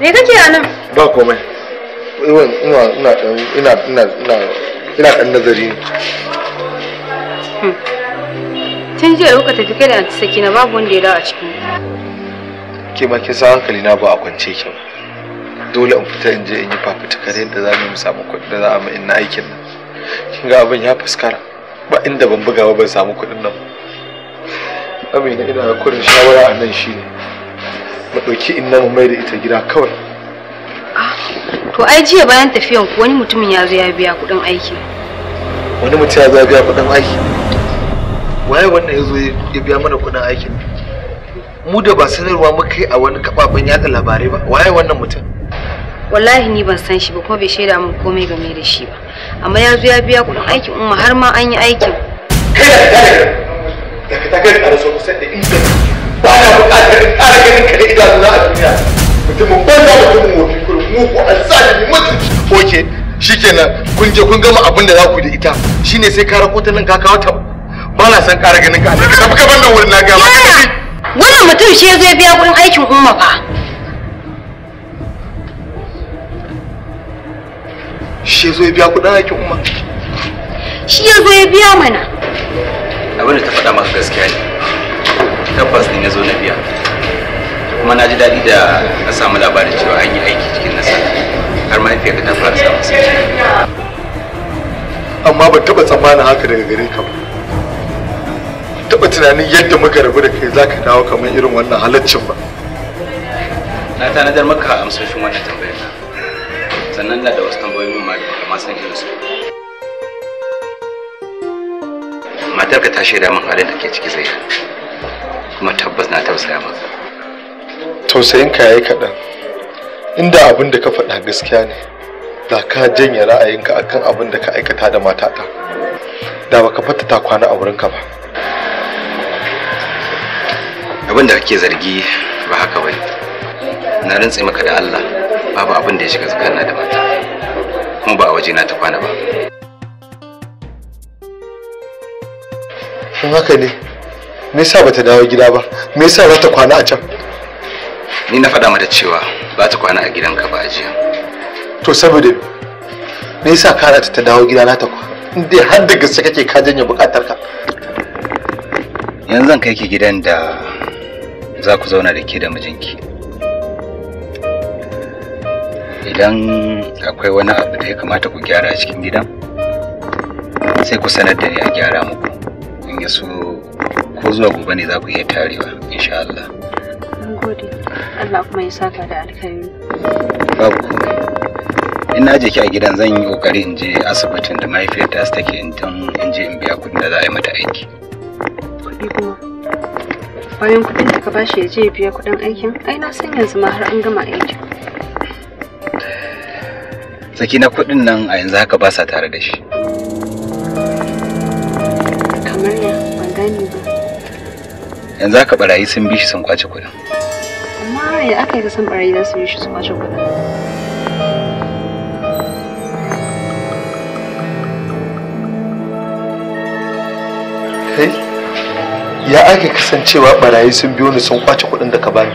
Me kake a nan? Ba komai. Iwan ina ina ina ina ina ina dan nazari ne. Hmm. Tun jiya kuka tafi kai da anti Sakina babu wanda ya dawo a cikin. Ke ma kin san hankali na ba a kwance ki ba. Dole in fita in je in yi kare yadda za mu samu kuɗi da za mu inna aikin nan. Kin ga abin ya fuskara. Ba inda ban buga ba ban samu kuɗin nan. Amina ina da kurin shawara a nan shine. ba ɗauki inna mu mai da ita gida kawai ah, to ai jiya bayan tafiyan ku wani mutumin ya zo ya biya kuɗin aiki wani mutum ya zo ya biya kuɗin aiki waye wannan ya zo ya biya mana kuɗin aikin mu da ba sanarwa muka yi a wani kafafen yaɗa labarai ba waye wannan mutum wallahi ni ban san shi ba kuma bai shaida min komai game da shi ba amma ya zo ya biya kuɗin aikin umma har ma an yi aikin kai da kai da kai da kai da kai da kai da kai da kai da kai shikenan kun je kun gama abin da za ku da ita shine sai ka rako ta nan ka kawo ta ba na san ƙara ganin ka ka tafi ka ban nan wurin na ga ba wannan mutum shi ya biya kuɗin aikin umma fa shi ya biya kuɗin aikin umma shi yazo ya biya mana abin da ta faɗa maka gaskiya ne tabbas ne na zo na biya kuma na ji daɗi da na samu labarin cewa an yi aiki cikin nasara har mahaifiyarka ta fara samun sauki amma ban taba tsammanin haka daga gare ka ba taba tunanin yadda muka rabu da kai zaka dawo kamar irin wannan halaccin ba na tanadar maka amsoshin wannan tambayar na sannan na da wasu tambayoyin ma da kama san irin su matarka ta shaida min halin da ke ciki zai kuma tabbas na tausaya maka tausayin ka yayi kaɗan inda abin da ka faɗa gaskiya ne da ka janye ra'ayinka akan abin da ka aikata da matata da baka fata ta kwana a wurinka ba abin da kake zargi ba haka bane na rantse maka da Allah babu abin da ya shiga tsakanina da mata kuma ba a waje na ta kwana ba in haka ne me yasa bata dawo gida ba me yasa za ta kwana a can ni na faɗa mata cewa ba ta kwana a gidanka ba ajiya to saboda me yasa kara ta dawo gidana ta kwana har da gaske kake ka janye bukatar ka yanzu zan kai ki gidan da za ku zauna da ke da mijinki idan akwai wani abu da ya kamata ku gyara a cikin gidan sai ku sanar da ni a gyara muku in ya ko zuwa gobe ne za ku iya tarewa insha Allah Mun gode. Allah kuma ya saka da alkhairi. Babu komai. je ki a gidan zan yi kokari in je asibitin da mahaifiyarta ta take in tun in je in biya kudin da za a yi mata aiki. kudi kuma. Bayan kudin da ka bashi ya je ya biya kuɗin aikin, ai na san yanzu ma har an gama aikin. Saki na kuɗin nan a yanzu haka ba sa tare da shi. Kamar ya ban gani ba. Yanzu haka barayi sun bi shi sun kwace kuɗin. ya aka yi ka san barayi za su yi shi su kwace kuɗin kai ya aka kasancewa barayi sun biyo ni sun kwace kuɗin da ka bani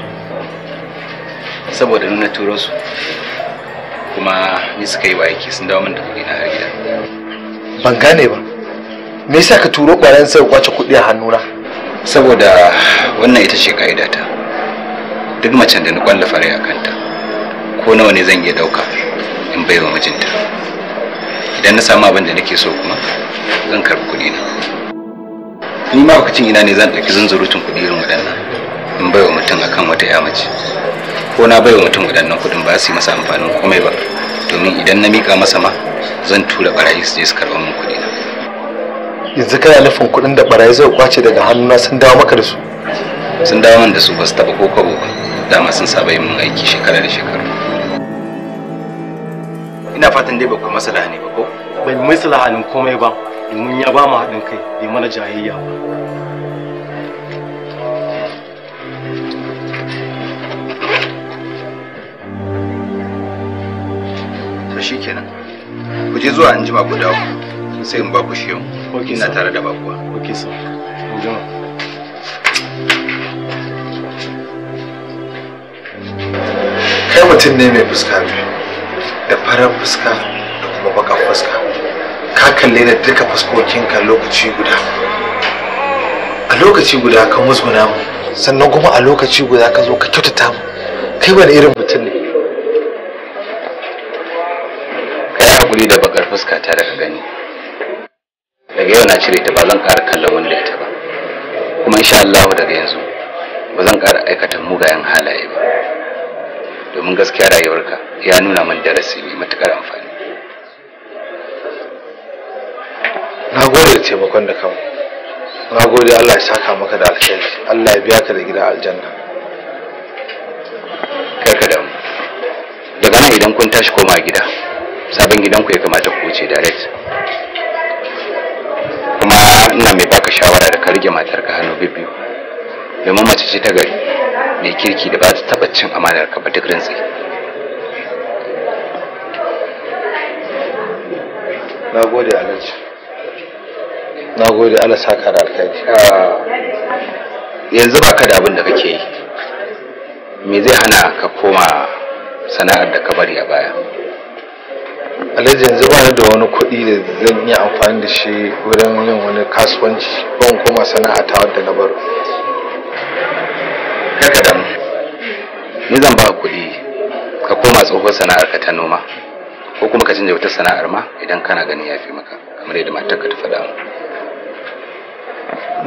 saboda nuna turo su kuma ni suka yi wa aiki sun dawo min da kuɗi na har gida ban gane ba me yasa ka turo ɓarayin sai kwace kuɗi a hannuna saboda wannan ita ce ka'idata ta duk macen da na kwalla farai a kanta ko nawa ne zan iya dauka in baiwa mijinta idan na samu abin da nake so kuma zan karbi kuɗi na ni ma lokacin ina ne zan ɗauki zanzurutun kuɗi irin waɗannan in baiwa mutum akan wata ya mace ko na baiwa mutum waɗannan kuɗin ba su yi masa amfanin komai ba domin idan na mika masa ma zan tura barayi su je su karɓa min kuɗi na yanzu kana nufin kuɗin da barayi zai kwace daga hannuna sun dawo maka da su sun dawo man da su ba su taɓa ko kwabo ba dama sun saba yin aiki shekara da shekara. ina fatan dai ba ku masalaha ne ba ko bai maslaha ne komai ba domin ya ba mu haɗin kai bai mana jayayya ba to kenan ku je zuwa anjima ku dawo sai in ba ku shi yau ina tare da bakuwa okay sir mutum ne mai fuska biyu da farar fuska da kuma bakan fuska ka kalle da duka fuskokinka lokaci guda a lokaci guda ka musguna mu sannan kuma a lokaci guda ka zo ka kyautata mu kai wani irin mutum ne kai hakuri da bakar fuska ta daga gani daga yau na cire ta ba zan ƙara kallon wani ita ba kuma insha Allah daga yanzu ba zan ƙara aikata mugayen halaye ba domin gaskiya rayuwarka ya nuna min darasi mai matukar amfani na gode da taimakon da kawo na gode allah ya saka maka da alkhairi allah ya biya ka da gidan aljanna karka damu daga nan idan kun tashi koma gida sabon gidan ku ya kamata ku wuce direct kuma ina mai baka shawara da ka rage matarka hannu biyu domin mace ce ta gari mai kirki da ba ta taɓa cin amanar ka ba duk rintsi na gode alhaji na gode ala saka da alkhairi ah, yanzu ba ka da abin da kake yi me zai hana ka koma sana'ar da ka bari a baya alhaji yanzu ba ni da wani kuɗi da zan yi amfani da shi wurin yin wani kasuwanci ban koma sana'a ta wadda na baro ni zan ba kuɗi ka koma tsohuwar sana'ar ka ta noma ko kuma ka canja wata sana'ar ma idan kana ganin ya fi maka kamar yadda matar ka ta faɗa mu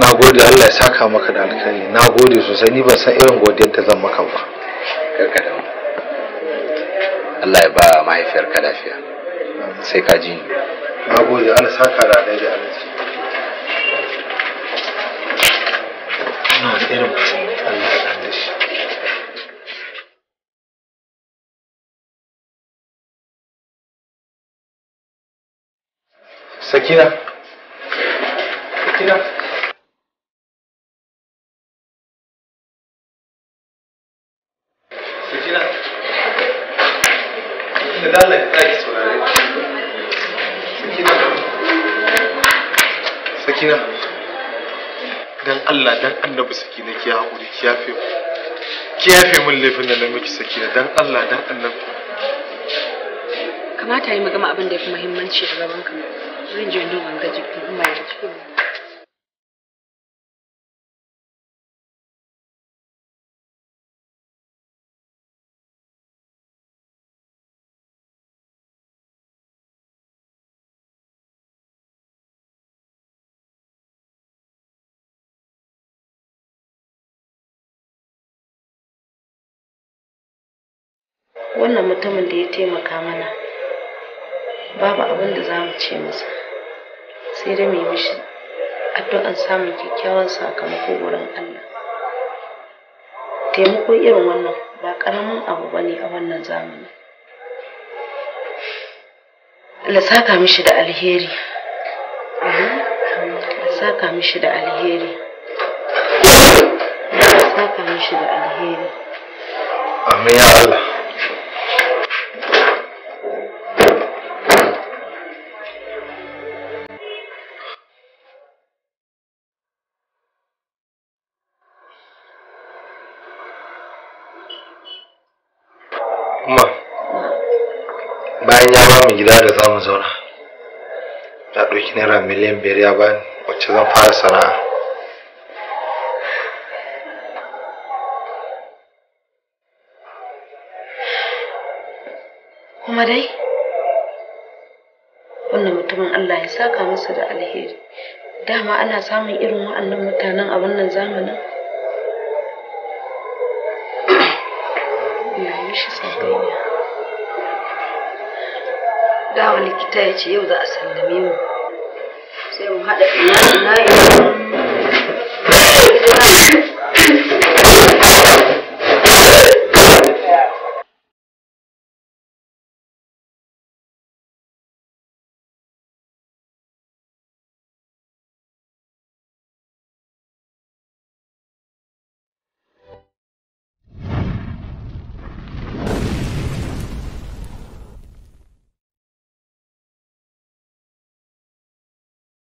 na gode Allah ya saka maka da alkhairi na gode sosai ni ban san irin godiyar da zan maka ba karkada Allah ya ba mahaifiyar ka lafiya sai ka ji ni na gode Allah ya saka da alkhairi a ina da irin mutum Allah sakina sakina sakina sakina dalla ki tsaki saurare sakina sakina dan Allah dan annabi sakina ki haƙuri ki yafe ki yafe min laifin da namiji, sakina dan Allah dan annabi kamata yi magana abin da ya fi muhimmanci a gaban ka rinje ndo ngangajikka umayra kikulu wannan mutumin da ya taimaka mana babu abin da za mu ce masa sai dai mu yi mishi addu'an samun kyakkyawan sakamako wurin Allah taimako irin wannan ba ƙaramin abu ba ne a wannan zamani lasaka mishi da alheri lasaka mishi da alheri lasaka mishi da alheri amin ya Allah mai gida da zamu zauna na ɗauki naira miliyan biyar ya bani wacce zan fara sana'a kuma dai wannan mutumin Allah ya saka masa da alheri dama ana samun irin wa'annan mutanen a wannan zamanin ya yi shi sakayya dawa likita ya ce yau za a sallame mu sai mu haɗa ina ina